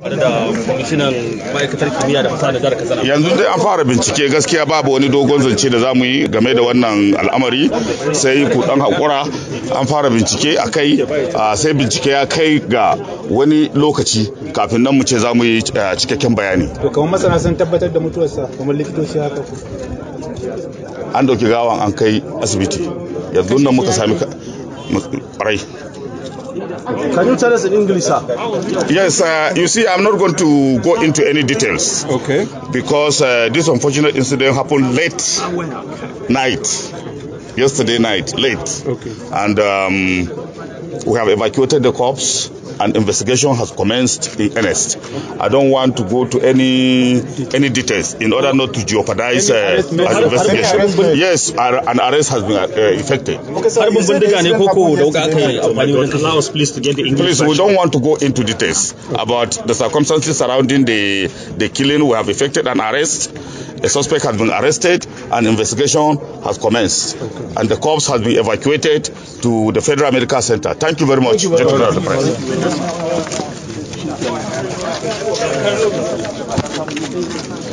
da kimiyya da katsina yanzu dai an fara bincike gaskiya babu wani dogon zance da mu yi game da wannan al'amari sai ku dan hakura an fara bincike a kai sai bincike ya kai ga wani lokaci kafin nan mu ce za mu yi cikakken bayani to kamar masana sun tabbatar an doki gawan an kai asibiti yanzu nan muka sami ƙwarai Can you tell us in English, sir? Yes, uh, you see, I'm not going to go into any details. Okay. Because uh, this unfortunate incident happened late night, yesterday night, late. Okay. And um, we have evacuated the corpse and investigation has commenced in earnest. I don't want to go to any any details in order not to jeopardize uh, an investigation. Yes, an arrest has been uh, effected. Allow us please to get the English. Please, we don't want to go into details about the circumstances surrounding the the killing. We have effected an arrest. A suspect has been arrested. An investigation has commenced, and the corpse has been evacuated to the Federal Medical Center. Thank you very much. You very much. You very much.